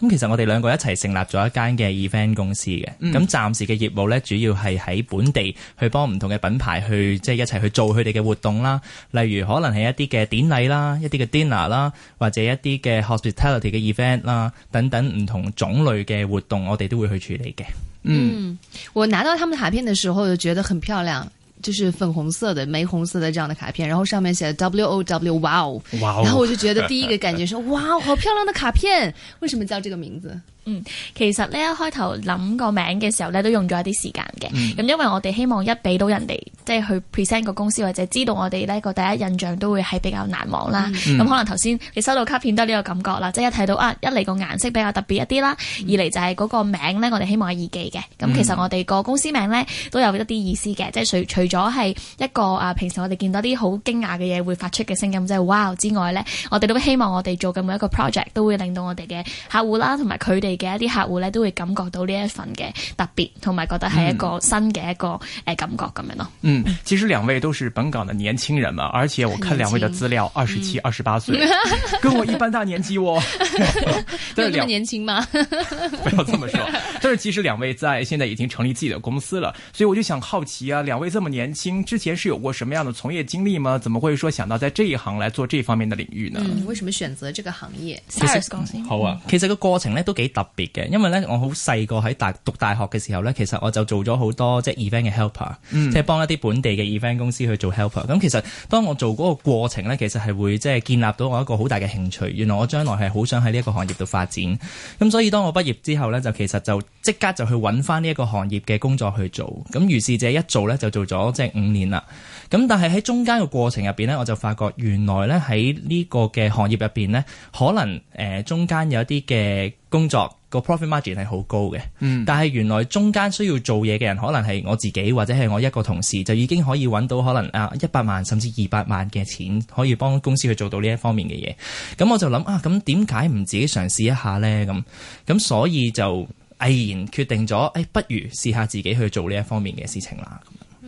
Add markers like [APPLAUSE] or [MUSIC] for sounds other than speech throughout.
咁其實我哋兩個一齊成立咗一間嘅 event 公司嘅，咁暫時嘅業務咧，主要係喺本地去幫唔同嘅品牌去即係一齊去做佢哋嘅活動啦，例如可能係一啲嘅典禮啦、一啲嘅 dinner 啦，或者一啲嘅 hospitality 嘅 event 啦等等唔同種類嘅活動，我哋都會去處理嘅。嗯，我拿到他們卡片嘅時候，我就覺得很漂亮。就是粉紅色的、玫紅色的這樣的卡片，然後上面寫的 “W O W”，哇哦，然後我就覺得第一個感覺說：“ [LAUGHS] 哇，好漂亮的卡片，為什麼叫這個名字？”嗯，其實呢一開頭諗個名嘅時候咧，都用咗一啲時間嘅。咁，嗯，因為我哋希望一俾到人哋，即係去 present 個公司或者知道我哋咧個第一印象都會係比較難忘啦。咁，嗯，可能頭先你收到卡片都係呢個感覺啦，即係一睇到啊，一嚟個顏色比較特別一啲啦，嗯，二嚟就係個名咧，我哋希望係易記嘅。咁，嗯，其實我哋個公司名咧都有一啲意思嘅，即係除除咗係一個啊平時我哋見到啲好驚訝嘅嘢會發出嘅聲音，即係 wow 之外咧，我哋都希望我哋做嘅每一個 project 都會令到我哋嘅客戶啦，同埋佢哋。嘅一啲客戶咧，都會感覺到呢一份嘅特別，同埋覺得係一個新嘅一個誒感覺咁樣咯。嗯，呃、嗯，其實兩位都是本港的年輕人嘛，而且我看兩位的資料，二十七、嗯、二十八歲， [LAUGHS] 跟我一般大年紀喎。兩這麼年輕嗎？ [LAUGHS] 不要這麼說。但是其實兩位在現在已經成立自己的公司了，所以我就想好奇啊，兩位這麼年輕，之前是有過什麼樣的從業經歷嗎？怎麼會說想到在這一行來做這方面的領域呢？嗯？爲什麼選擇這個行業？其實、就是，好啊，其實這個過程呢都幾大。特別嘅，因為咧，我好細個喺大讀大學嘅時候咧，其實我就做咗好多即係 event 嘅 helper，即係幫一啲本地嘅 event 公司去做 helper。咁其實當我做嗰個過程咧，其實係會即係建立到我一個好大嘅興趣。原來我將來係好想喺呢一個行業度發展。咁所以當我畢業之後咧，就其實就即刻就去搵返呢一個行業嘅工作去做。咁如是者一做咧，就做咗即係五年啦。咁但係喺中間嘅過程入邊咧，我就發覺原來咧喺呢個嘅行業入邊咧，可能誒中間有一啲嘅。工作個 profit margin 係好高嘅，嗯、但係原來中間需要做嘢嘅人可能係我自己或者係我一個同事，就已經可以揾到可能啊一百萬甚至二百萬嘅錢，可以幫公司去做到呢一方面嘅嘢。咁我就諗啊，咁點解唔自己嘗試一下呢？咁咁所以就毅然決定咗，誒、哎，不如試下自己去做呢一方面嘅事情啦。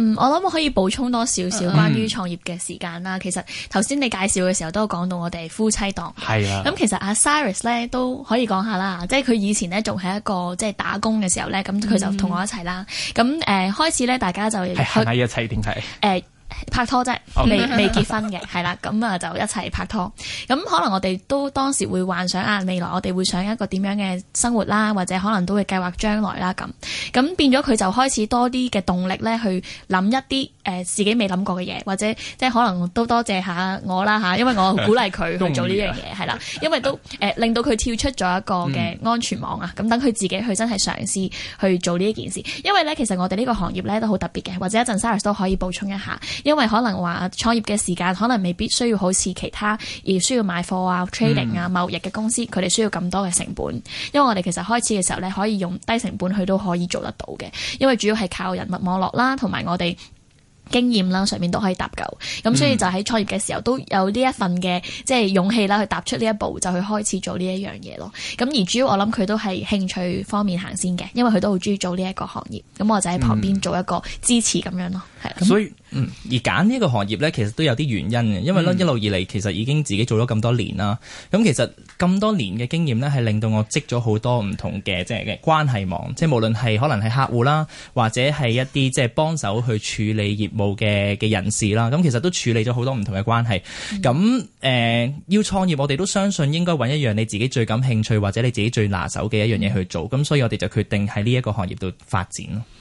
嗯，我諗我可以補充多少少關於創業嘅時間啦。嗯、其實頭先你介紹嘅時候都有講到我哋夫妻檔，啊的。咁、嗯、其實阿 Cyrus 咧都可以講下、嗯、啦，即係佢以前咧仲係一個即係打工嘅時候咧，咁佢就同我一齊啦。咁誒開始咧，大家就係一齊定係拍拖啫，未未結婚嘅，係啦， [LAUGHS] 咁啊就一齊拍拖。咁可能我哋都當時會幻想啊，未來我哋會想一個點樣嘅生活啦，或者可能都會計劃將來啦，咁咁變咗佢就開始多啲嘅動力咧，去諗一啲誒自己未諗過嘅嘢，或者即係可能都多謝下我啦嚇，因為我鼓勵佢去做呢樣嘢，係啦，因為,因為都、呃、令到佢跳出咗一個嘅安全網啊，咁等佢自己去真係嘗試去做呢一件事。因為咧，其實我哋呢個行業咧都好特別嘅，或者一陣 Sarah 都可以補充一下。因為可能話創業嘅時間可能未必需要好似其他而需要買貨啊、trading 啊、貿易嘅公司，佢哋、嗯、需要咁多嘅成本。因為我哋其實開始嘅時候咧，可以用低成本去都可以做得到嘅。因為主要係靠人脈網絡啦，同埋我哋。經驗啦，上面都可以搭夠，咁所以就喺創業嘅時候都有呢一份嘅即係勇氣啦，去踏出呢一步就去開始做呢一樣嘢咯。咁而主要我諗佢都係興趣方面行先嘅，因為佢都好中意做呢一個行業，咁我就喺旁邊做一個支持咁樣咯。係、嗯。的所以，嗯，而揀呢個行業呢，其實都有啲原因嘅，因為一路以嚟其實已經自己做咗咁多年啦，咁其實。咁多年嘅經驗咧，係令到我積咗好多唔同嘅即係嘅關係網，即係無論係可能係客戶啦，或者係一啲即係幫手去處理業務嘅嘅人士啦，咁其實都處理咗好多唔同嘅關係。咁誒、嗯呃，要創業，我哋都相信應該揾一樣你自己最感興趣或者你自己最拿手嘅一樣嘢去做。咁、嗯、所以我哋就決定喺呢一個行業度發展咯。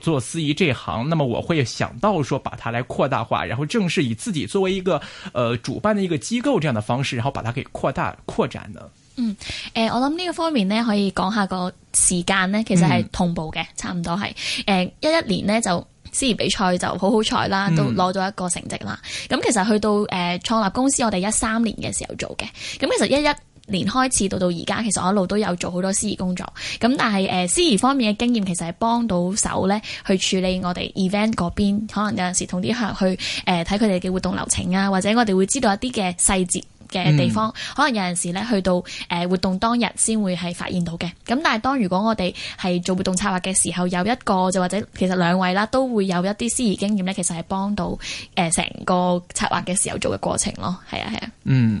做司儀這行，那麼我會想到說把它來擴大化，然後正式以自己作為一個，呃主辦的一個機構這樣的方式，然後把它給擴大擴展呢嗯，誒、呃，我諗呢個方面呢，可以講下個時間呢，其實係同步嘅，嗯、差唔多係誒一一年呢，就司儀比賽就好好彩啦，都攞到一個成績啦。咁、嗯嗯、其實去到誒、呃、創立公司，我哋一三年嘅時候做嘅，咁、嗯、其實一一年開始到到而家，其實我一路都有做好多司儀工作。咁但係誒司儀方面嘅經驗，其實係幫到手咧，去處理我哋 event 嗰邊。可能有陣時同啲客去誒睇佢哋嘅活動流程啊，或者我哋會知道一啲嘅細節嘅地方。嗯、可能有陣時咧去到誒活動當日先會係發現到嘅。咁但係當如果我哋係做活動策劃嘅時候，有一個就或者其實兩位啦都會有一啲司儀經驗咧，其實係幫到誒成個策劃嘅時候做嘅過程咯。係啊，係啊，嗯。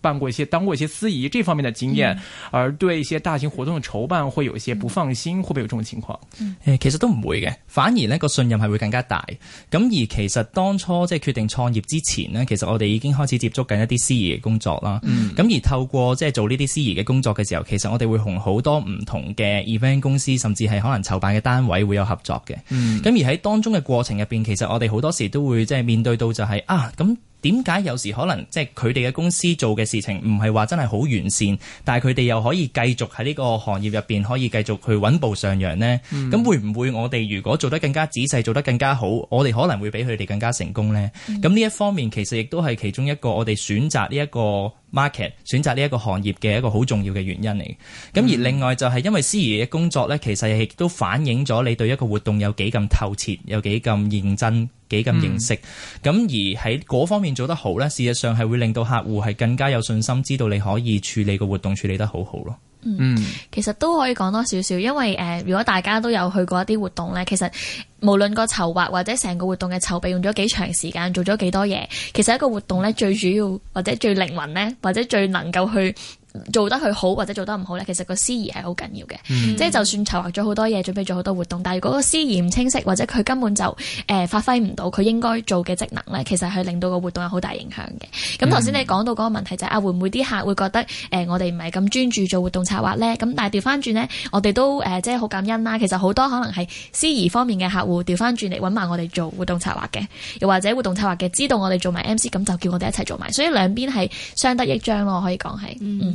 辦過一些、當過一些司儀這方面的經驗，嗯、而對一些大型活動的籌辦會有一些不放心，嗯、會不會有這種情況？誒、呃，其實都唔會嘅，反而呢個信任係會更加大。咁而其實當初即係決定創業之前呢，其實我哋已經開始接觸緊一啲司儀嘅工作啦。咁、嗯、而透過即係做呢啲司儀嘅工作嘅時候，其實我哋會同好多唔同嘅 event 公司，甚至係可能籌辦嘅單位會有合作嘅。咁、嗯、而喺當中嘅過程入邊，其實我哋好多時都會即係面對到就係、是、啊咁。點解有時可能即係佢哋嘅公司做嘅事情唔係話真係好完善，但係佢哋又可以繼續喺呢個行業入邊可以繼續去穩步上揚呢？咁、嗯、會唔會我哋如果做得更加仔細，做得更加好，我哋可能會比佢哋更加成功呢？咁呢、嗯、一方面其實亦都係其中一個我哋選擇呢、呢、一個。Market 選擇呢一個行業嘅一個好重要嘅原因嚟，咁而另外就係因為司儀嘅工作呢，其實亦都反映咗你對一個活動有幾咁透徹，有幾咁認真，幾咁認識，咁、嗯、而喺嗰方面做得好呢，事實上係會令到客戶係更加有信心，知道你可以處理個活動處理得好好咯。嗯，其實都可以講多少少，因為、呃、如果大家都有去過一啲活動呢，其實無論個籌劃或者成個活動嘅籌備用咗幾長時間，做咗幾多嘢，其實一個活動呢，最主要或者最靈魂呢，或者最能夠去，做得佢好或者做得唔好咧，其實個司儀係好緊要嘅，即係、嗯、就算籌劃咗好多嘢，準備咗好多活動，但係如果個司儀唔清晰，或者佢根本就誒、呃、發揮唔到佢應該做嘅職能咧，其實係令到個活動有好大影響嘅。咁頭先你講到嗰個問題就係、是嗯、啊，會唔會啲客會覺得誒、呃、我哋唔係咁專注做活動策劃咧？咁但係調翻轉咧，我哋都誒、呃、即係好感恩啦。其實好多可能係司儀方面嘅客戶調翻轉嚟揾埋我哋做活動策劃嘅，又或者活動策劃嘅知道我哋做埋 MC，咁就叫我哋一齊做埋。所以兩邊係相得益彰咯，我可以講係。嗯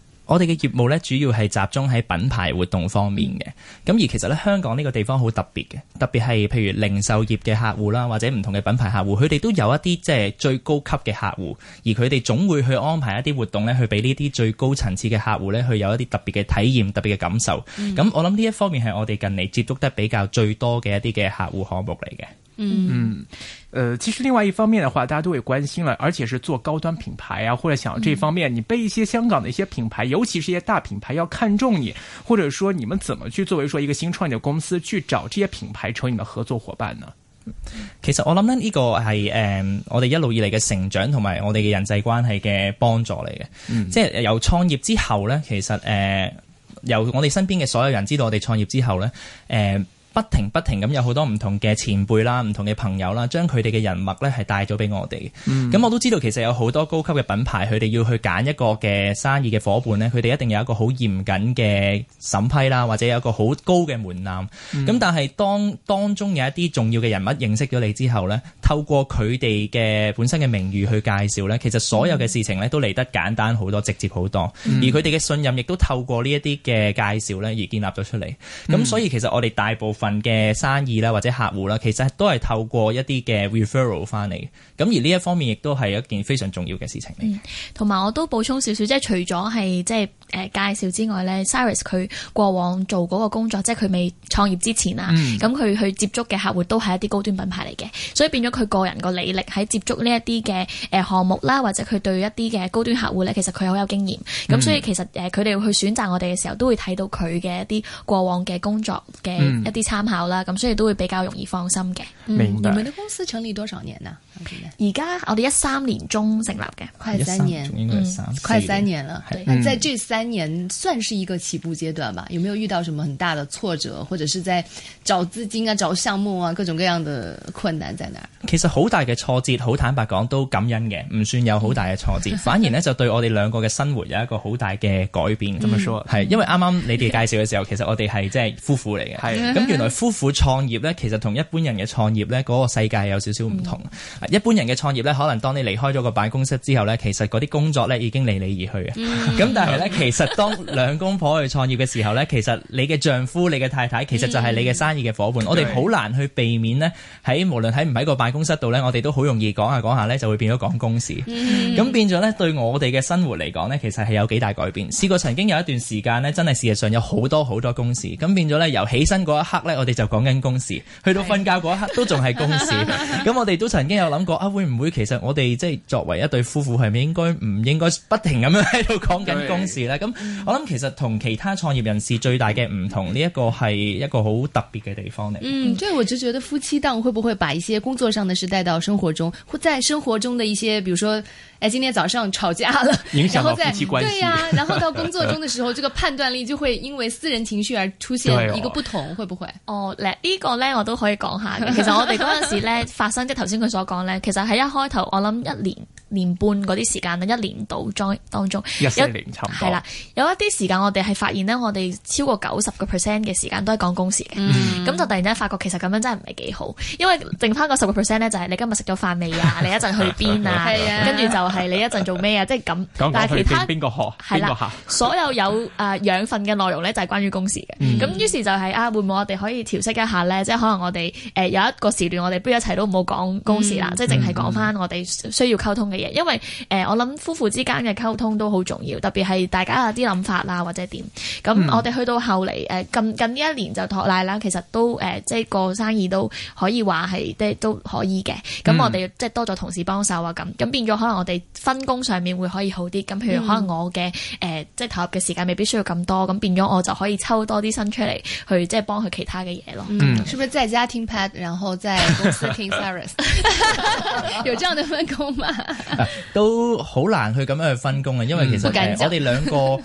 我哋嘅業務咧，主要係集中喺品牌活動方面嘅。咁而其實咧，香港呢個地方好特別嘅，特別係譬如零售業嘅客戶啦，或者唔同嘅品牌客戶，佢哋都有一啲即係最高級嘅客戶，而佢哋總會去安排一啲活動咧，去俾呢啲最高層次嘅客戶咧，去有一啲特別嘅體驗、特別嘅感受。咁、嗯、我諗呢一方面係我哋近嚟接觸得比較最多嘅一啲嘅客戶項目嚟嘅。嗯，嗯，呃，其實另外一方面的話，大家都會關心了，而且是做高端品牌啊，或者想這方面，你被一些香港的一些品牌，尤其是一些大品牌，要看中看重你，或者說你們怎麼去作為說一個新創業的公司去找這些品牌成為你的合作伙伴呢？嗯、其實我諗呢個係誒、呃，我哋一路以嚟嘅成長同埋我哋嘅人際關係嘅幫助嚟嘅，嗯、即係由創業之後呢，其實誒、呃，由我哋身邊嘅所有人知道我哋創業之後呢。誒、呃。不停不停咁有好多唔同嘅前輩啦、唔同嘅朋友啦，將佢哋嘅人脈咧係帶咗俾我哋。咁、嗯、我都知道其實有好多高級嘅品牌，佢哋要去揀一個嘅生意嘅伙伴咧，佢哋一定有一個好嚴謹嘅審批啦，或者有一個好高嘅門檻。咁、嗯、但係當當中有一啲重要嘅人物認識咗你之後咧，透過佢哋嘅本身嘅名譽去介紹咧，其實所有嘅事情咧都嚟得簡單好多、直接好多。嗯、而佢哋嘅信任亦都透過呢一啲嘅介紹咧而建立咗出嚟。咁、嗯、所以其實我哋大部分份嘅生意啦，或者客戶啦，其實都係透過一啲嘅 referral 翻嚟，咁而呢一方面亦都係一件非常重要嘅事情嚟。同埋、嗯、我都補充少少，即係除咗係即係誒介紹之外咧、嗯、，Cyrus 佢過往做嗰個工作，即係佢未創業之前啊，咁佢、嗯、去接觸嘅客戶都係一啲高端品牌嚟嘅，所以變咗佢個人個履歷喺接觸呢一啲嘅誒項目啦，或者佢對一啲嘅高端客戶咧，其實佢好有經驗，咁、嗯、所以其實誒佢哋去選擇我哋嘅時候，都會睇到佢嘅一啲過往嘅工作嘅一啲。嗯嗯參考啦，咁所以都會比較容易放心嘅。明白，你們的公司成立多少年啊？而家我哋一三年中成立嘅，快三年，應該三，快三年了。但在這三年算是一個起步階段吧？有沒有遇到什麼很大的挫折，或者是在找資金啊、找項目啊、各種各樣的困難在哪？其實好大嘅挫折，好坦白講都感恩嘅，唔算有好大嘅挫折，反而呢，就對我哋兩個嘅生活有一個好大嘅改變。咁樣說，係因為啱啱你哋介紹嘅時候，其實我哋係即係夫婦嚟嘅，係咁夫婦創業咧，其實同一般人嘅創業咧嗰、個世界有少少唔同。嗯、一般人嘅創業咧，可能當你離開咗個辦公室之後咧，其實嗰啲工作咧已經離你而去啊。咁、嗯、但係咧，其實當兩公婆去創業嘅時候咧，其實你嘅丈夫、你嘅太太，其實就係你嘅生意嘅伙伴。嗯、我哋好難去避免呢，喺無論喺唔喺個辦公室度咧，我哋都好容易講下講下咧，就會變咗講公事。咁、嗯、變咗咧，對我哋嘅生活嚟講呢，其實係有幾大改變。試過曾經有一段時間呢，真係事實上有好多好多公事，咁變咗咧，由起身嗰一刻我哋就講緊公事，去到瞓覺嗰一刻都仲係公事。咁 [LAUGHS] 我哋都曾經有諗過啊，會唔會其實我哋即係作為一對夫婦，係咪應該唔應該不停咁樣喺度講緊公事呢？咁對 我諗其實同其他創業人士最大嘅唔同，呢對 一個係一個好特別嘅地方嚟。嗯，對，我就覺得夫妻檔會唔會把一些工作上嘅事帶到生活中，會在生活中嘅一些，比如說。誒，今天早上吵架了，影響到夫妻關係。對呀、啊，然後到工作中的時候， [LAUGHS] 這個判斷力就會因為私人情緒而出現一個不同，哦、會不會？哦，來呢個咧我都可以講下嘅。 [LAUGHS] 其實我哋嗰陣時咧發生的頭先佢所講咧，其實喺一開頭我諗一年年半嗰啲時間一年到當當中，一年差唔多係啦，有一啲時間我哋係發現咧，我哋超過九十個 percent 嘅時間都係講公事嘅，咁、嗯、就突然之間發覺其實咁樣真係唔係幾好，因為剩翻個十個 percent 咧就係、是、你今日食咗飯未啊， [LAUGHS] 你一陣去邊啊，是啊跟住就係你一陣做咩啊，即係咁。講講去但係其他邊個學係啦？學所有有誒養分嘅內容咧就係關於公事嘅，咁、嗯、於是就係、是、啊會唔會我哋可以調適一下咧？即係可能我哋誒、呃、有一個時段我哋不如一齊都唔好講公事啦，嗯、即係淨係講翻我哋需要溝通嘅。因為誒、呃，我諗夫婦之間嘅溝通都好重要，特別係大家有啲諗法啦，或者點。咁我哋去到後嚟誒、嗯呃，近近呢一年就托賴啦，其實都誒、呃，即係個生意都可以話係即係都可以嘅。咁我哋即係多咗同事幫手啊，咁咁變咗可能我哋分工上面會可以好啲。咁譬如可能我嘅誒、嗯呃，即係投入嘅時間未必需要咁多，咁變咗我就可以抽多啲身出嚟去即係幫佢其他嘅嘢咯。嗯、是不是在家聽 Pad 然後在公司聽 Siri？ [LAUGHS] [LAUGHS] [LAUGHS] 有這樣的分工嗎？ [LAUGHS] 啊、都好難去咁樣去分工呀，因為其實、嗯、我哋兩個 [LAUGHS]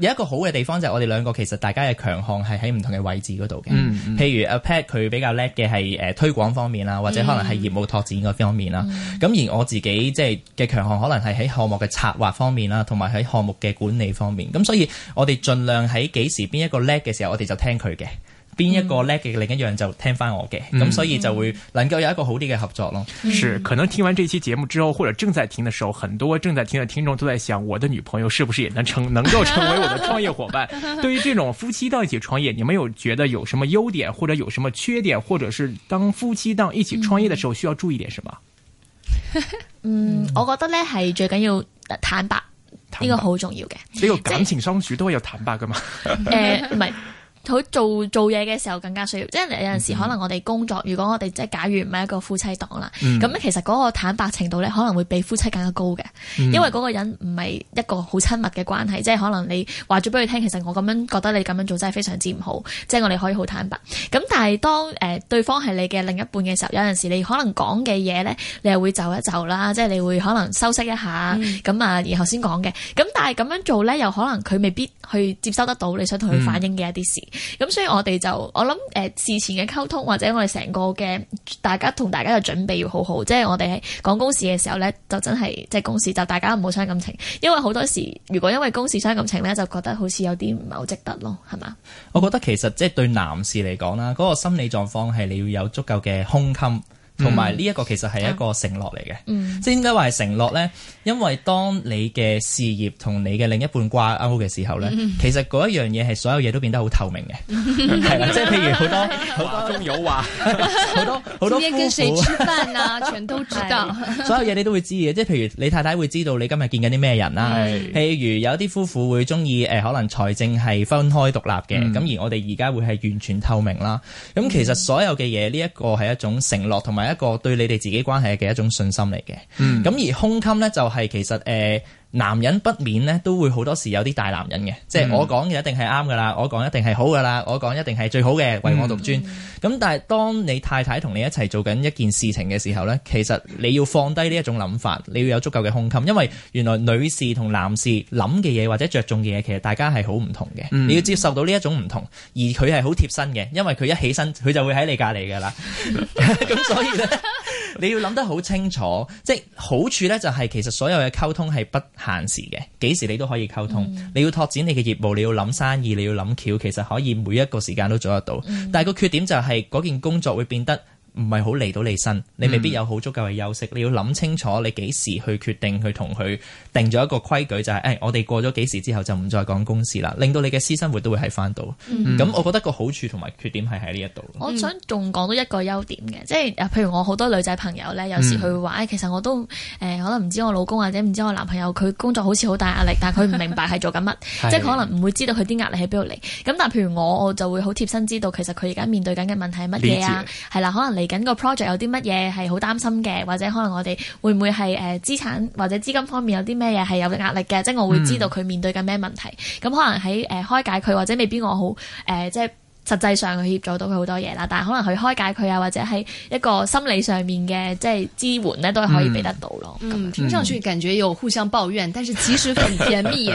有一個好嘅地方就係、是、我哋兩個其實大家嘅強項係喺唔同嘅位置嗰度嘅。嗯，譬如阿、啊、Pat 佢比較叻嘅係誒推廣方面啦，或者可能係業務拓展嗰方面啦。咁、嗯、而我自己即係嘅強項可能係喺項目嘅策劃方面啦，同埋喺項目嘅管理方面。咁所以我哋盡量喺幾時邊一個叻嘅時候，我哋就聽佢嘅。邊一個叻嘅，另一樣就聽翻我嘅，咁、嗯、所以就會能夠有一個好啲嘅合作咯。是可能聽完這期節目之後，或者正在聽的時候，很多正在聽嘅聽眾都在想，我的女朋友是不是也能成， [LAUGHS] 能夠成為我的創業夥伴？ [LAUGHS] 對於這種夫妻檔一起創業，你們有覺得有什麼優點，或者有什麼缺點，或者是當夫妻檔一起創業的時候需要注意點什麼？ [LAUGHS] 嗯，我覺得呢係最緊要，白要，要坦白，呢個好重要嘅。呢個感情相處都會有坦白噶嘛？誒，唔係。佢做做嘢嘅時候更加需要，即係有陣時可能我哋工作，嗯、如果我哋即係假如唔係一個夫妻檔啦，咁咧、嗯、其實嗰個坦白程度咧可能會比夫妻更加高嘅，嗯、因為嗰個人唔係一個好親密嘅關係，嗯、即係可能你話咗俾佢聽，其實我咁樣覺得你咁樣做真係非常之唔好，即係我哋可以好坦白。咁但係當誒對方係你嘅另一半嘅時候，有陣時你可能講嘅嘢咧，你又會就一就啦，即係你會可能收息一下咁啊，嗯、然後先講嘅。咁但係咁樣做咧，又可能佢未必去接收得到你想同佢反映嘅一啲事。嗯咁所以我哋就我諗誒事前嘅溝通或者我哋成個嘅大家同大家嘅準備要好好，即係我哋喺講公事嘅時候咧，就真係即係公事就大家唔好傷感情，因為好多時如果因為公事傷感情咧，就覺得好似有啲唔係好值得咯係嘛？我覺得其實即係對男士嚟講啦，嗰個心理狀況係你要有足夠嘅胸襟。同埋呢一個其實係一個承諾嚟嘅，即係點解話係承諾咧？因為當你嘅事業同你嘅另一半掛鈎嘅時候咧，嗯、其實嗰一樣嘢係所有嘢都變得好透明嘅，係啦、嗯，即係譬如好多好多 [LAUGHS] 哇友話好 [LAUGHS] 多好多夫婦，邊邊跟誰吃飯啊？ [LAUGHS] 全都知道，是所有嘢你都會知嘅，即係譬如你太太會知道你今日見緊啲咩人啦，嗯、譬如有啲夫婦會中意誒可能財政係分開獨立嘅，咁、嗯、而我哋而家會係完全透明啦。咁其實所有嘅嘢，呢、這、一個係一種承諾同埋。一個對你哋自己關係嘅一種信心嚟嘅，嗯，咁而胸襟咧就係其實誒。呃男人不免咧，都會好多時有啲大男人嘅。即係我講嘅一定係啱噶啦，我講一定係好噶啦，我講一定係最好嘅，唯我獨尊。咁、嗯、但係當你太太同你一齊做緊一件事情嘅時候咧，其實你要放低呢一種諗法，你要有足夠嘅胸襟，因為原來女士同男士諗嘅嘢或者着重嘅嘢，其實大家係好唔同嘅。嗯、你要接受到呢一種唔同，而佢係好貼身嘅，因為佢一起身佢就會喺你隔離噶啦。咁 [LAUGHS] [LAUGHS] 所以咧，你要諗得好清楚，即係好處咧就係其實所有嘅溝通係不。限時嘅，幾時你都可以溝通。嗯、你要拓展你嘅業務，你要諗生意，你要諗橋，其實可以每一個時間都做得到。嗯、但係個缺點就係、是、嗰件工作會變得。唔係好嚟到你身，你未必有好足夠嘅休息。嗯、你要諗清楚，你幾時去決定去同佢定咗一個規矩，就係、是、誒、哎，我哋過咗幾時之後就唔再講公事啦。令到你嘅私生活都會係翻到。咁、嗯、我覺得個好處同埋缺點係喺呢一度。嗯、我想仲講到一個優點嘅，即係譬如我好多女仔朋友咧，有時佢會話、嗯、其實我都、呃、可能唔知我老公或者唔知我男朋友佢工作好似好大壓力，但佢唔明白係做緊乜， [LAUGHS] 的即係可能唔會知道佢啲壓力喺邊度嚟。咁但譬如我，我就會好貼身知道，其實佢而家面對緊嘅問題係乜嘢啊？係啦，可能你。嚟緊個 project 有啲乜嘢係好擔心嘅，或者可能我哋會唔會係誒資產或者資金方面有啲咩嘢係有壓力嘅？即係我會知道佢面對緊咩問題，咁、嗯、可能喺誒開解佢，或者未必我好誒、呃、即係。實際上佢協助到佢好多嘢啦，但係可能佢開解佢啊，或者係一個心理上面嘅即係支援咧，都係可以俾得到咯。嗯，對聽上去感覺有互相抱怨，但是其實很甜蜜， [LAUGHS]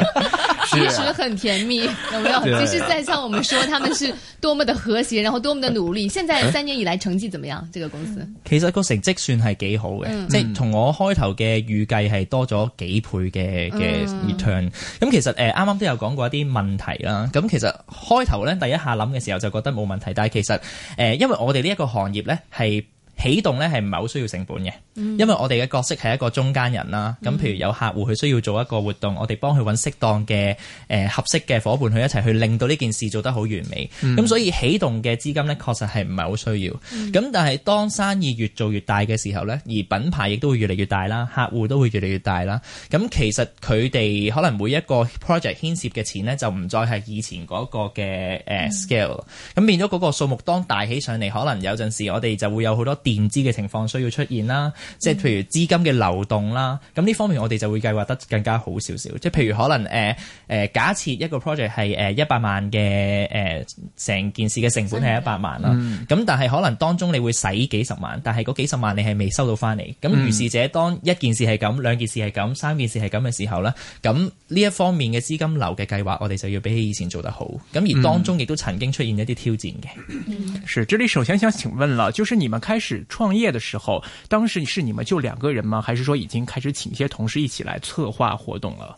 其實很甜蜜，了有，有了其實再向我們說，他們是多麼的和諧，然後多麼的努力。現在三年以來成績怎麼樣？這個公司其實個成績算係幾好嘅，即係同我開頭嘅預計係多咗幾倍嘅嘅 return、嗯。咁其實誒啱啱都有講過一啲問題啦。咁其實開頭咧第一下諗嘅時候。就覺得冇問題，但係其實誒因為我哋，呢一個行業咧，係。起動咧係唔係好需要成本嘅？因為我哋嘅角色係一個中間人啦。咁、嗯、譬如有客戶佢需要做一個活動，嗯、我哋幫佢揾適當嘅、呃、合適嘅伙伴去一齊去令到呢件事做得好完美。咁、嗯、所以起動嘅資金咧確實係唔係好需要。咁、嗯、但係當生意越做越大嘅時候咧，而品牌亦都會越嚟越大啦，客戶都會越嚟越大啦。咁其實佢哋可能每一個 project 牽涉嘅錢咧就唔再係以前嗰個嘅 scale。咁、呃嗯、變咗嗰個數目當大起上嚟，可能有陣時我哋就會有好多。電資嘅情況需要出現啦，即係譬如資金嘅流動啦，咁呢、嗯、方面我哋就會計劃得更加好少少。即係譬如可能誒誒、呃呃，假設一個 project 係誒一、呃、百萬嘅誒成件事嘅成本係一百萬啦，咁、嗯、但係可能當中你會使幾十萬，但係嗰幾十萬你係未收到返嚟。咁如是者當一件事係咁，兩、嗯、件事係咁，三件事係咁嘅時候咧，咁呢一方面嘅資金流嘅計劃，我哋就要比起以前做得好。咁而當中亦都曾經出現一啲挑戰嘅。嗯、是，這裡首先想請問啦，就是你們開始。創業的時候，當時是你們就兩個人嗎？還是說已經開始請一些同事一起來策劃活動了？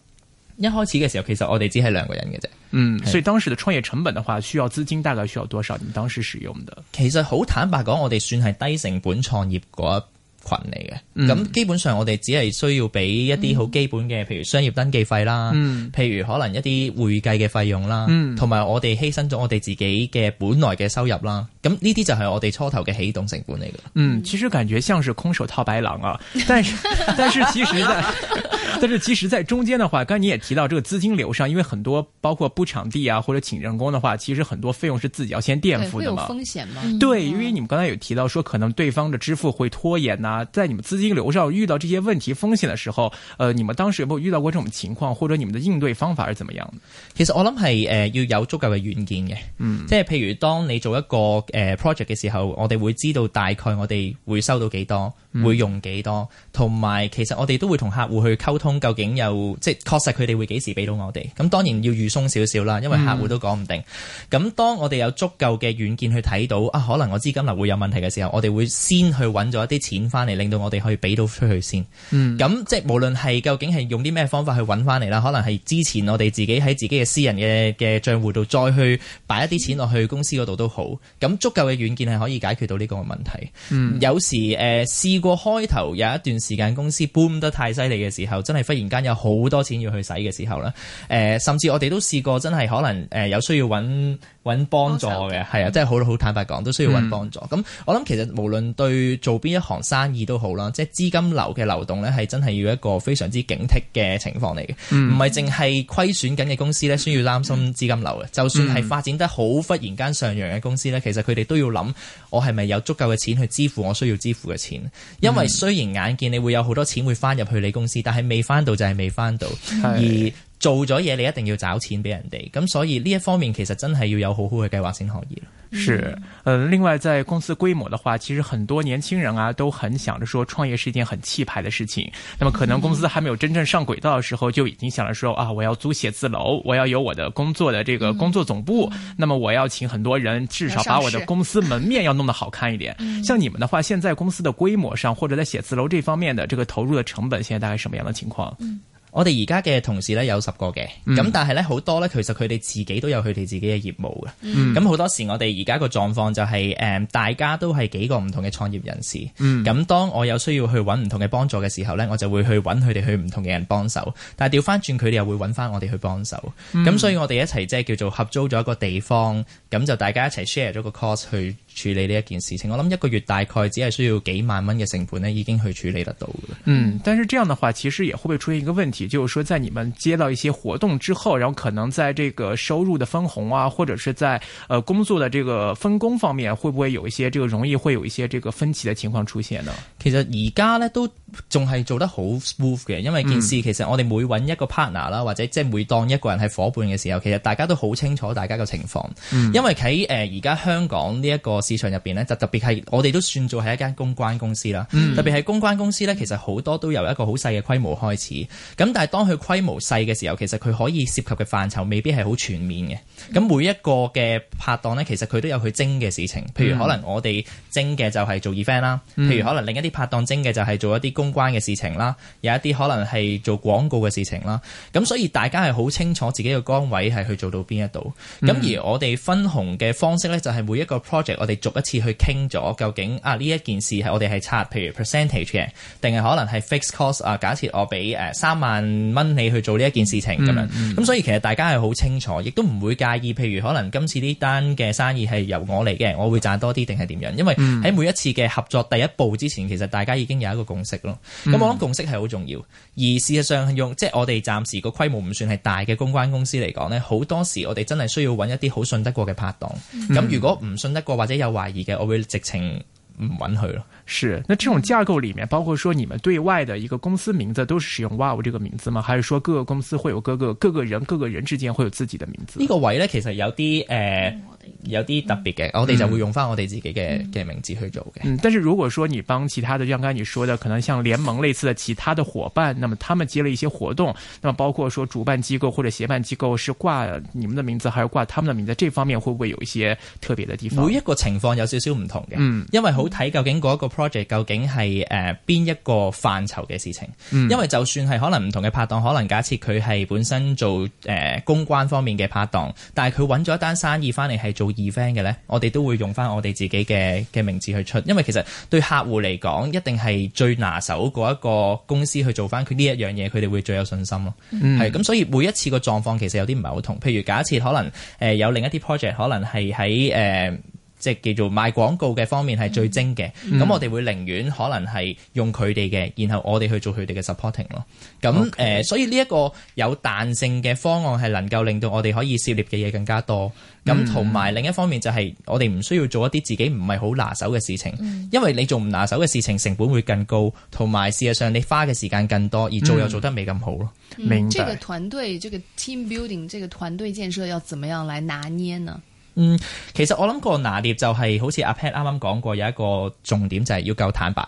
一開始嘅時候，其實我哋只係兩個人嘅啫。嗯，所以當時的創業成本的話，需要資金大概需要多少？你們當時使用的？其實好坦白講，我哋算係低成本創業嗰群嚟嘅，咁、嗯、基本上我哋只係需要俾一啲好基本嘅，譬如商業登記費啦，嗯、譬如可能一啲會計嘅費用啦，同埋、嗯、我哋犧牲咗我哋自己嘅本來嘅收入啦，咁呢啲就係我哋初頭嘅起動成本嚟嘅。嗯，其實感覺像是空手套白狼啊，但是但是其實咧。 [LAUGHS] 但是其實，在中間的話，剛才你也提到這個資金流上，因為很多包括布場地啊或者請人工的話，其實很多費用是自己要先墊付的嘛。會有風險嘛？對，因為你們剛才有提到說，可能對方的支付會拖延呐、啊，在你們資金流上遇到這些問題風險的時候，呃，你們當時有沒有遇到過這種情況？或者你們的應對方法是怎麼樣的？其實我諗係誒要有足夠嘅軟件嘅，嗯、即係譬如當你做一個誒 project 嘅時候，我哋會知道大概我哋會收到幾多。會用幾多？同埋其實我哋都會同客戶去溝通，究竟有即確實佢哋會幾時俾到我哋？咁當然要預鬆少少啦，因為客戶都講唔定。咁、嗯、當我哋有足夠嘅軟件去睇到啊，可能我資金流會有問題嘅時候，我哋會先去揾咗一啲錢翻嚟，令到我哋可以俾到出去先。咁、嗯、即係無論係究竟係用啲咩方法去揾翻嚟啦，可能係之前我哋自己喺自己嘅私人嘅嘅賬戶度再去擺一啲錢落去公司嗰度都好。咁足夠嘅軟件係可以解決到呢個問題。嗯、有時、呃個開頭有一段時間公司搬得太犀利嘅時候，真係忽然間有好多錢要去使嘅時候咧，誒、呃，甚至我哋都試過真係可能誒、呃、有需要揾。搵幫助嘅，係啊，真係好好坦白講，都需要搵幫助。咁、嗯、我諗其實無論對做邊一行生意都好啦，即係資金流嘅流動咧，係真係要一個非常之警惕嘅情況嚟嘅。唔係淨係虧損緊嘅公司咧，需要擔心資金流嘅。嗯、就算係發展得好，忽然間上揚嘅公司咧，嗯、其實佢哋都要諗，我係咪有足夠嘅錢去支付我需要支付嘅錢？因為雖然眼見你會有好多錢會翻入去你公司，但係未翻到就係未翻到。的而做咗嘢你一定要找錢俾人哋，咁所以呢一方面其實真係要有好好嘅計劃先可以是。誒、呃，另外在公司規模的話，其實很多年輕人啊，都很想着說創業是一件很氣派的事情。那麼可能公司還沒有真正上軌道的時候，嗯、就已經想着說啊，我要租寫字樓，我要有我的工作的這個工作總部。嗯、那麼我要請很多人，至少把我的公司門面要弄得好看一點。嗯、像你們的話，現在公司的規模上或者在寫字樓這方面的這個投入的成本，現在大概什麼樣的情況？嗯我哋而家嘅同事咧有十個嘅，咁、嗯、但係咧好多咧，其實佢哋自己都有佢哋自己嘅業務嘅。咁好、嗯、多時我哋而家個狀況就係、是、大家都係幾個唔同嘅創業人士。咁、嗯、當我有需要去揾唔同嘅幫助嘅時候咧，我就會去揾佢哋去唔同嘅人幫手。但係調翻轉佢哋又會揾翻我哋去幫手。咁、嗯、所以我哋一齊即係叫做合租咗一個地方，咁就大家一齊 share 咗個 course 去。處理呢一件事情，我諗一個月大概只係需要幾萬蚊嘅成本咧，已經去處理得到。嗯，但是這樣的話，其實也會不會出現一個問題，就是說，在你們接到一些活動之後，然後可能在這個收入的分紅啊，或者是在呃工作的這個分工方面，會不會有一些這個容易會有一些這個分歧的情況出現呢？其實而家呢都。仲係做得好 smooth 嘅，因為件事、嗯、其實我哋每搵一個 partner 啦，或者即係每當一個人係伙伴嘅時候，其實大家都好清楚大家個情況。嗯、因為喺誒而家香港呢一個市場入邊呢，就特別係我哋都算做係一間公關公司啦。嗯、特別係公關公司呢，其實好多都由一個好細嘅規模開始。咁但係當佢規模細嘅時候，其實佢可以涉及嘅範疇未必係好全面嘅。咁每一個嘅拍檔呢，其實佢都有佢精嘅事情。譬如可能我哋精嘅就係做 event 啦，譬如可能另一啲拍檔精嘅就係做一啲公關嘅事情啦，有一啲可能係做廣告嘅事情啦，咁所以大家係好清楚自己嘅崗位係去做到邊一度。咁、mm hmm. 而我哋分紅嘅方式呢，就係每一個 project 我哋逐一次去傾咗究竟啊呢一件事係我哋係拆譬如 percentage 嘅，定係可能係 fixed cost 啊？假設我俾誒三萬蚊你去做呢一件事情咁樣，咁、mm hmm. 所以其實大家係好清楚，亦都唔會介意。譬如可能今次呢單嘅生意係由我嚟嘅，我會賺多啲定係點樣？因為喺每一次嘅合作第一步之前，其實大家已經有一個共識。咁、嗯、我諗共識係好重要，而事實上用，即係我哋暫時個規模唔算係大嘅公關公司嚟講咧，好多時我哋真係需要揾一啲好信得過嘅拍檔。咁、嗯、如果唔信得過或者有懷疑嘅，我會直情唔揾佢咯。是，那這種架構裏面，包括說你們對外的一個公司名字都是使用 Wow 這個名字嗎？還是說各個公司會有各個各個人各個人之間會有自己的名字？呢個位咧，其實有啲誒。呃有啲特別嘅，我哋就會用翻我哋自己嘅嘅名字去做嘅、嗯。但是如果說你幫其他的，像剛你說的，可能像聯盟類似的其他的伙伴，那麼他們接了一些活動，那麼包括說主辦機構或者協辦機構是掛你們的名字，還是掛他們的名字，這方面會唔會有一些特別的地方？每一個情況有少少唔同嘅，因為好睇究竟嗰一個 project 究竟係誒邊一個範疇嘅事情。因為就算係可能唔同嘅拍檔，可能假設佢係本身做、呃、公關方面嘅拍檔，但係佢揾咗一單生意翻嚟係做。event 嘅咧，我哋都會用翻我哋自己嘅嘅名字去出，因為其實對客戶嚟講，一定係最拿手嗰一個公司去做翻佢呢一樣嘢，佢哋會最有信心咯。嗯，係咁，所以每一次個狀況其實有啲唔係好同。譬如假設可能誒、呃、有另一啲 project，可能係喺誒。呃即係叫做賣廣告嘅方面係最精嘅，咁、嗯、我哋會寧願可能係用佢哋嘅，然後我哋去做佢哋嘅 supporting 咯。咁、嗯 okay. 呃、所以呢一個有彈性嘅方案係能夠令到我哋可以涉獵嘅嘢更加多。咁同埋另一方面就係我哋唔需要做一啲自己唔係好拿手嘅事情，嗯、因為你做唔拿手嘅事情成本會更高，同埋事實上你花嘅時間更多，而做又做得未咁好咯。嗯、明白。即係個團隊，這個、team building，這個團隊建設要怎麼樣來拿捏呢？嗯，其實我諗個拿捏就係、是、好似阿 Pat 啱啱講過，有一個重點就係要夠坦白，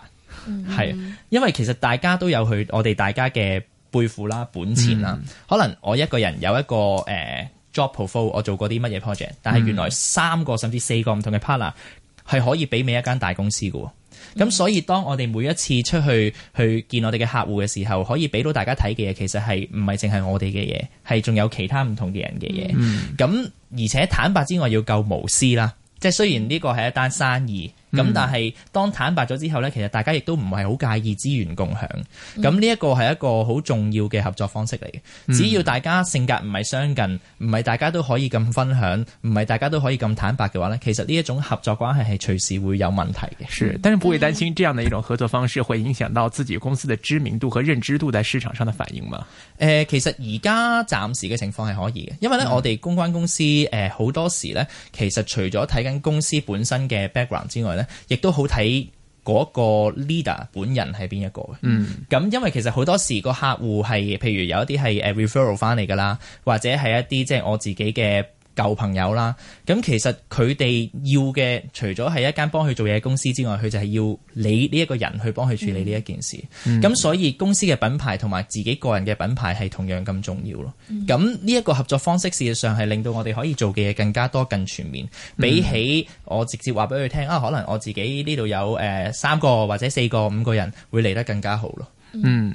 係、mm hmm.，因為其實大家都有去我哋大家嘅背負啦、本錢啦，mm hmm. 可能我一個人有一個誒 job profile，我做過啲乜嘢 project，但係原來三個、mm hmm. 甚至四個唔同嘅 partner 係可以媲美一間大公司嘅喎，咁所以當我哋每一次出去去見我哋嘅客戶嘅時候，可以俾到大家睇嘅嘢，其實係唔係淨係我哋嘅嘢，係仲有其他唔同嘅人嘅嘢，咁、mm。Hmm. 而且坦白之外要夠無私啦，即係雖然呢個係一單生意。咁、嗯、但係當坦白咗之後咧，其實大家亦都唔係好介意資源共享。咁呢、嗯、一個係一個好重要嘅合作方式嚟嘅。只要大家性格唔係相近，唔係大家都可以咁分享，唔係大家都可以咁坦白嘅話咧，其實呢一種合作關係係隨時會有問題嘅。是，但是不會擔心這樣嘅一種合作方式，會影響到自己公司的知名度和認知度在市場上的反應嘛、呃、其實而家暫時嘅情況係可以嘅，因為咧、嗯、我哋公關公司誒好、呃、多時咧，其實除咗睇緊公司本身嘅 background 之外咧。亦都好睇嗰個 leader 本人係邊一個嘅，嗯，咁因為其實好多時個客戶係譬如有一啲係誒 referral 翻嚟㗎啦，或者係一啲即係我自己嘅。舊朋友啦，咁其實佢哋要嘅除咗係一間幫佢做嘢嘅公司之外，佢就係要你呢一個人去幫佢處理呢一件事。咁、嗯嗯、所以公司嘅品牌同埋自己個人嘅品牌係同樣咁重要咯。咁呢一個合作方式，事實上係令到我哋可以做嘅嘢更加多、更全面，比起我直接話俾佢聽啊，可能我自己呢度有、呃、三個或者四個五個人會嚟得更加好咯。嗯。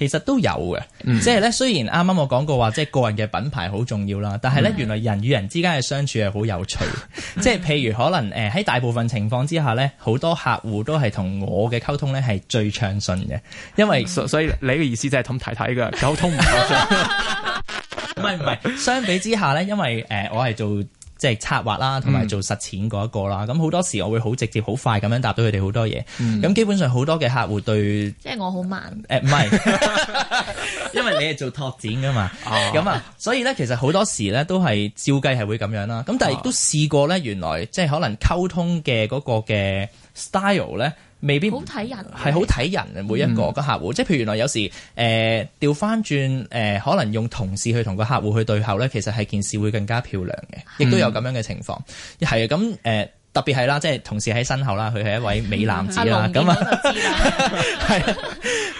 其實都有嘅，嗯，即係咧，雖然啱啱我講過話，即係個人嘅品牌好重要啦，但係咧，原來人與人之間嘅相處係好有趣，嗯、即係譬如可能誒，喺大部分情況之下咧，好多客戶都係同我嘅溝通咧係最暢順嘅，因為所、嗯、所以你嘅意思就係氹太太嘅溝通唔暢順？唔係唔係，相比之下咧，因為誒、呃、我係做。即係策劃啦，同埋做實踐嗰一、那個啦。咁好、嗯、多時我會好直接、好快咁樣答到佢哋好多嘢。咁、嗯、基本上好多嘅客戶對，即係我好慢、欸。誒唔係， [LAUGHS] [LAUGHS] 因為你係做拓展噶嘛。咁啊、哦嗯，所以咧其實好多時咧都係照計係會咁樣啦。咁但係亦都試過咧，原來即係可能溝通嘅嗰個嘅 style 咧。未必好睇人，人，係好睇人每一個個客戶。嗯、即係譬如原來有時誒調翻轉誒，可能用同事去同個客戶去對口咧，其實係件事會更加漂亮嘅，嗯、亦都有咁樣嘅情況。係啊、嗯，咁誒特別係啦，即係同事喺身後啦，佢係一位美男子啦，咁 [LAUGHS] 啊，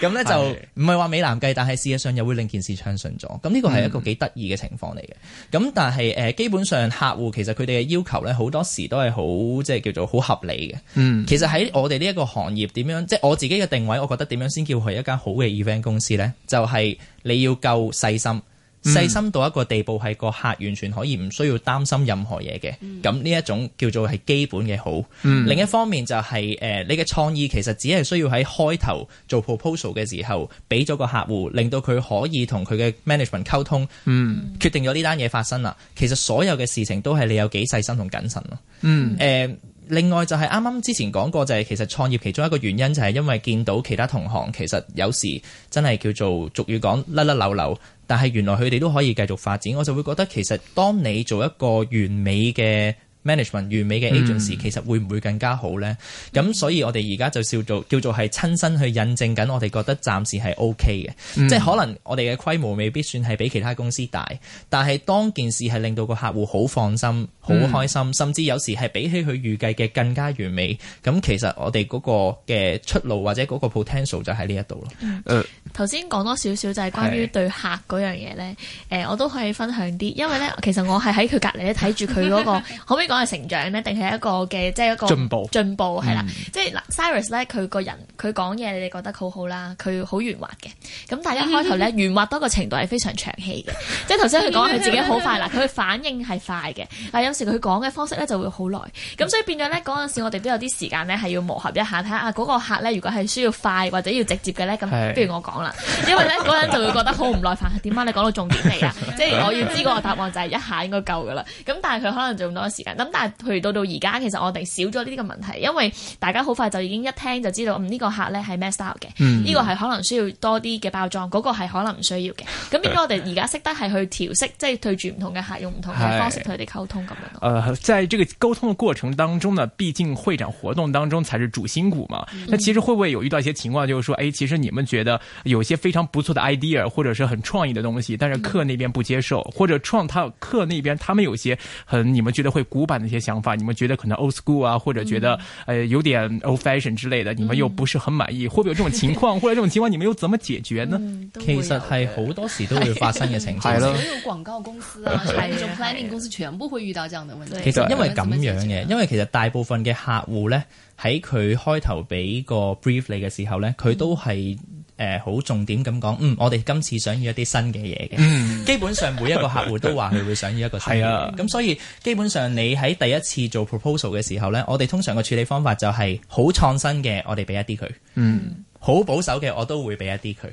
咁咧那 [LAUGHS] [LAUGHS] 就唔係話美男計，但係事實上又會令件事暢順咗。咁呢個係一個幾得意嘅情況嚟嘅。咁、嗯、但係基本上客戶其實佢哋嘅要求咧，好多時都係好即係叫做好合理嘅。嗯，其實喺我哋呢一個行業，點樣即係我自己嘅定位，我覺得點樣先叫佢係一間好嘅 event 公司咧？就係、是、你要夠細心。細心到一個地步，係個客完全可以唔需要擔心任何嘢嘅。咁呢一種叫做係基本嘅好。另一方面就係誒，你嘅創意其實只係需要喺開頭做 proposal 嘅時候俾咗個客戶，令到佢可以同佢嘅 management 溝通，決定咗呢單嘢發生啦。其實所有嘅事情都係你有幾細心同謹慎咯。誒，另外就係啱啱之前講過，就係其實創業其中一個原因就係因為見到其他同行其實有時真係叫做俗語講「甩甩扭扭」。但係原來，佢哋都可以繼續發展，我就會覺得其實當你做一個完美嘅。management 完美嘅 agency、嗯、其實會唔會更加好呢？咁、嗯、所以我哋而家就笑做叫做係親身去印證緊。我哋覺得暫時係 OK 嘅。即係、嗯、可能我哋嘅規模未必算係比其他公司大，但係當件事係令到個客戶好放心、好開心，嗯、甚至有時係比起佢預計嘅更加完美。咁其實我哋嗰個嘅出路或者嗰個 potential 就喺呢、嗯呃、一度咯。頭先講多少少就係關於對客嗰樣嘢咧。誒是、呃，我都可以分享啲，因為咧其實我係喺佢隔離咧睇住佢嗰個， [LAUGHS] 講係成長咧，定係一個嘅，即係一個進步進步係啦，了嗯、即係嗱，Cyrus 咧，佢個人佢講嘢，你哋覺得好好啦，佢好圓滑嘅，咁但係一開頭咧，圓、嗯、滑多個程度係非常長氣嘅，嗯、即係頭先佢講佢自己好快啦，佢、嗯、反應係快嘅，但係有時佢講嘅方式咧就會好耐，咁、嗯、所以變咗咧嗰陣時我哋都有啲時間咧係要磨合一下，睇下啊嗰個客咧如果係需要快或者要直接嘅咧，咁不如我講啦，是因為咧嗰人就會覺得好唔耐煩，點解你講到重點嚟啊？嗯、即係我要知個答案就係一下應該夠噶啦，咁但係佢可能做咁多時間。咁但係去到到而家，其實我哋少咗呢啲嘅問題，因為大家好快就已經一聽就知道，嗯呢、這個客咧係 messed up 嘅，呢個係可能需要多啲嘅包裝，這個係可能唔需要嘅。咁變咗我哋而家識得係去調適，呃、即係對住唔同嘅客用唔同嘅方式同佢哋溝通咁唉樣。誒、呃，即係呢個溝通嘅過程當中咧，畢竟會展活動當中才是主心骨嘛。嗯、其實會唔會有遇到一段些情況，就是說、哎、其實你們覺得有些非常不錯的 idea 或者是很創意嘅東西，但是客那邊不接受，嗯、或者創他客那邊他們有些很你們覺得會古。辦一些想法，你們覺得可能 old school 啊，或者覺得誒、嗯呃、有點 old fashion 之類的，你們又不是很滿意，嗯、會不會有這種情況？或者 [LAUGHS] 這種情況，你們又怎麼解決呢？嗯、其實係好多時都會發生嘅情況，所 [LAUGHS] 有廣告公司啊，還有那 [LAUGHS] 種 planning 公司全部會遇到這樣的問題。對其實因為咁樣嘅，對因為其實大部分嘅客戶咧喺佢開頭俾個 brief 嚟嘅時候咧，佢都係。誒，好、呃、重點咁講，嗯，我哋今次想要一啲新嘅嘢嘅，嗯、基本上每一個客戶都話佢會想要一個新嘅，係 [LAUGHS] 啊，咁所以基本上你喺第一次做 proposal 嘅時候呢，我哋通常嘅處理方法就係好創新嘅，我哋俾一啲佢，嗯，好保守嘅我都會俾一啲佢，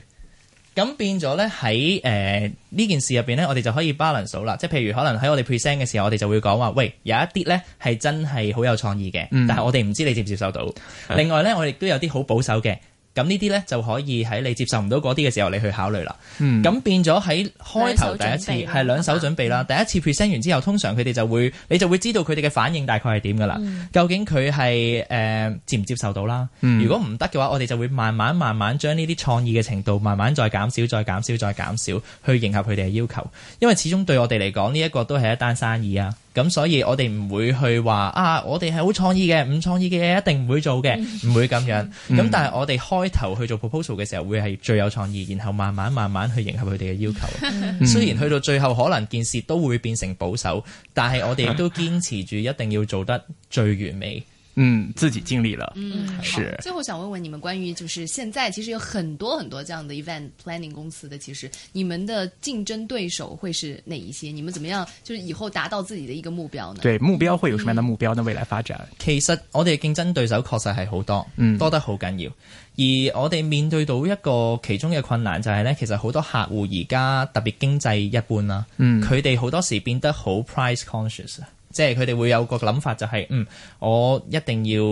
咁變咗呢，喺誒呢件事入邊呢，我哋就可以 balance 咗啦，即係譬如可能喺我哋 present 嘅時候，我哋就會講話，喂，有一啲呢係真係好有創意嘅，嗯、但係我哋唔知你接唔接受到，嗯、另外呢，我哋都有啲好保守嘅。咁呢啲咧，就可以喺你接受唔到嗰啲嘅時候，你去考慮啦。咁、嗯、變咗喺開頭第一次係兩手準備啦。備嗯、第一次 present 完之後，通常佢哋就會，你就會知道佢哋嘅反應大概係點噶啦。嗯、究竟佢係誒接唔接受到啦？嗯、如果唔得嘅話，我哋就會慢慢慢慢將呢啲創意嘅程度慢慢再減少，再減少，再減少，少，去迎合佢哋嘅要求。因為始終對我哋嚟講，呢、這、一個都係一單生意啊。咁所以我哋唔會去話啊，我哋係好創意嘅，唔創意嘅一定唔會做嘅，唔會咁樣。咁 [LAUGHS] 但係我哋開頭去做 proposal 嘅時候，會係最有創意，然後慢慢慢慢去迎合佢哋嘅要求。 [LAUGHS] 雖然去到最後可能件事都會變成保守，但係我哋亦都堅持住一定要做得最完美。嗯，自己盡力了。嗯，是。最後想問問你們關於，就是現在其實有很多很多這樣的 event planning 公司的，其實你們的競爭對手會是哪一些？你們怎麼樣，就是以後達到自己的一個目標呢？對，目標會有什麼樣的目標呢？嗯、未來發展？其實我哋競爭對手確實係好多，多得好緊要。嗯、而我哋面對到一個其中嘅困難就係呢。其實好多客戶而家特別經濟一般啦，嗯，佢哋好多時變得好 price conscious 即係佢哋會有個諗法，就是，就係嗯，我一定要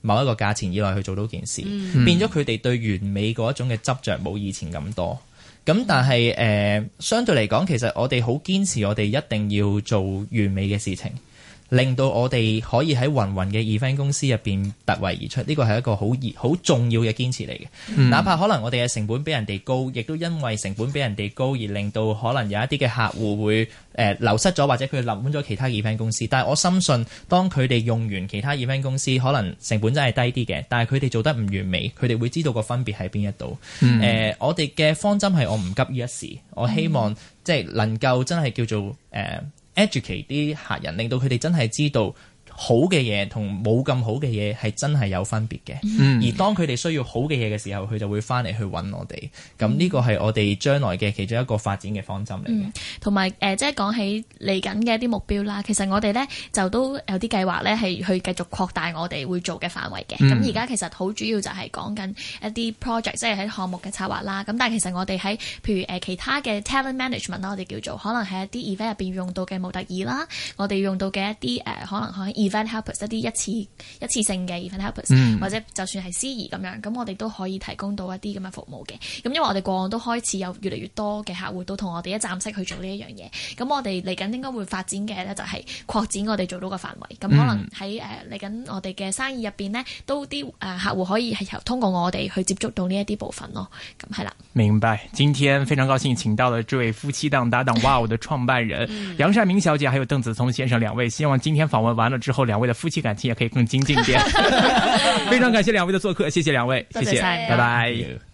某一個價錢以內去做到件事，嗯、變咗佢哋對完美嗰一種嘅執着冇以前咁多。咁但係誒、呃，相對嚟講，其實我哋好堅持，我哋一定要做完美嘅事情。令到我哋可以喺芸芸嘅二番公司入邊突圍而出，呢個係一個好熱、好重要嘅堅持嚟嘅。嗯、哪怕可能我哋嘅成本比人哋高，亦都因為成本比人哋高而令到可能有一啲嘅客戶會、呃、流失咗，或者佢臨滿咗其他二番公司。但係我深信，當佢哋用完其他二番公司，可能成本真係低啲嘅，但係佢哋做得唔完美，佢哋會知道個分別喺邊一度。誒、嗯、呃，我哋嘅方針係我唔急於一時，我希望、嗯、即係能夠真係叫做誒。呃 educate 啲客人，令到佢哋真係知道，好嘅嘢同冇咁好嘅嘢係真係有分別嘅，嗯、而當佢哋需要好嘅嘢嘅時候，佢就會翻嚟去揾我哋。咁呢個係我哋將來嘅其中一個發展嘅方針嚟嘅。同埋誒即係講起嚟緊嘅一啲目標啦，其實我哋咧就都有啲計劃咧，係去繼續擴大我哋會做嘅範圍嘅。咁而家其實好主要就係講緊一啲 project，即係喺項目嘅、就是、策劃啦。咁但係其實我哋喺譬如誒、呃、其他嘅 talent management 啦，我哋叫做可能喺一啲 event 入邊用到嘅模特兒啦，我哋用到嘅一啲誒、呃、可能可以。event helpers 一啲一次一次性嘅 event helpers、嗯、或者就算係司儀咁樣咁我哋都可以提供到一啲咁嘅服務嘅咁因為我哋過往都開始有越嚟越多嘅客戶都同我哋一站式去做呢一樣嘢咁我哋嚟緊應該會發展嘅咧就係擴展我哋做到嘅範圍咁可能喺誒嚟緊我哋嘅生意入邊咧都啲誒客戶可以係由通過我哋去接觸到呢一啲部分咯咁係啦明白，今天非常高興請到了這位夫妻檔搭檔 Wow 嘅創辦人楊、 [LAUGHS] 嗯、善明小姐，還有鄧子聰先生兩位，希望今天訪問完了之後。後兩位的夫妻感情也可以更精進一點， [LAUGHS] [LAUGHS] 非常感謝兩位的做客，謝謝兩位，謝謝，拜拜。